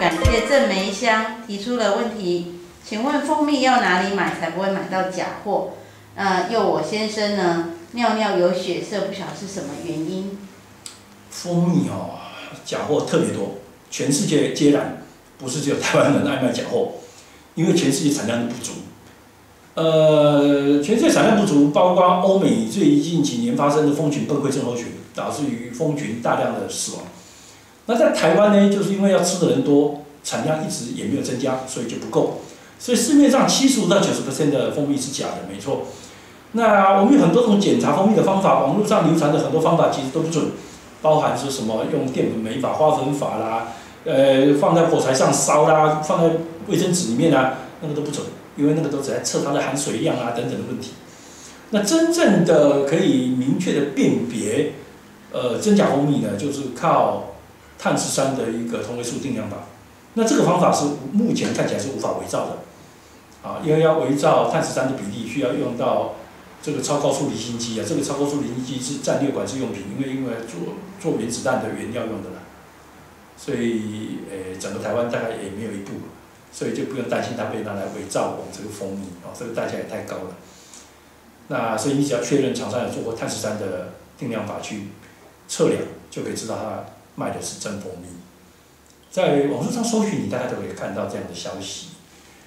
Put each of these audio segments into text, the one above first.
感謝鄭梅香提出了問題，請問蜂蜜要哪裡買才不會買到假貨？呃，又我先生呢，尿尿有血色，不曉得是什麼原因？蜂蜜哦、喔，假貨特別多，全世界皆然，不是只有台灣人愛賣假貨，因為全世界產量都不足。呃，全世界產量不足，包括歐美最近幾年發生的蜂群崩潰症候群，導致於蜂群大量的死亡。那在台灣呢，就是因為要吃的人多，產量一直也沒有增加，所以就不夠。所以市面上七十五到九十%的蜂蜜是假的，沒錯。那我們有很多種檢查蜂蜜的方法，網絡上流傳的很多方法其實都不準，包含說什麼用澱粉酶法、花粉法啦，呃，放在火柴上燒啦，放在衛生紙裡面啦、啊，那個都不準。因為那個都只在測它的含水量啊等等的問題，那真正的可以明確的辨別，呃，真假蜂蜜呢，就是靠碳十三的一個同位素定量法。那這個方法是目前看起來是無法偽造的，啊，因為要偽造碳十三的比例，需要用到這個超高速離心機啊。這個超高速離心機是戰略管制用品，因為因為做做原子彈的原料用的啦，所以呃，整個台灣大概也沒有一部。所以就不用擔心它被拿來偽造我們這個蜂蜜哦，這個代價也太高了。那所以你只要確認廠商有做過碳十三的定量法去測量，就可以知道它賣的是真蜂蜜。在網路上搜尋，你大概都可以看到這樣的消息。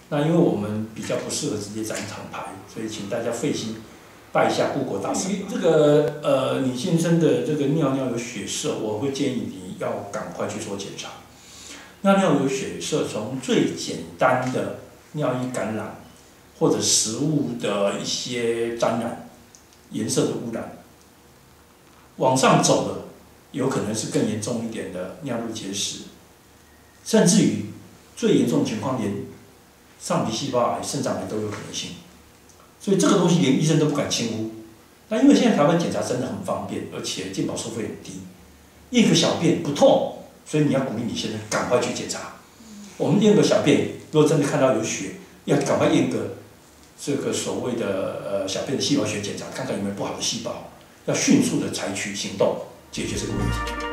那因為我們比較不適合直接展廠牌，所以請大家費心拜一下谷歌大師。這個呃，李先生的這個尿尿有血色，我會建議你要趕快去做檢查。那尿尿有血色，從最簡單的尿液感染，或者食物的一些沾染、顏色的污染，往上走的有可能是更嚴重一點的尿路結石，甚至於最嚴重的情況連上皮細胞癌、腎臟癌都有可能性。所以這個東西連醫生都不敢輕忽。那因為現在台灣檢查真的很方便，而且健保收費很低，應付小便不痛。所以你要鼓勵你先生趕快去檢查，我們驗個小便，如果真的看到有血，要趕快驗個這個所謂的呃小便的細胞學檢查，看看有沒有不好的細胞，要迅速的採取行動，解決這個問題。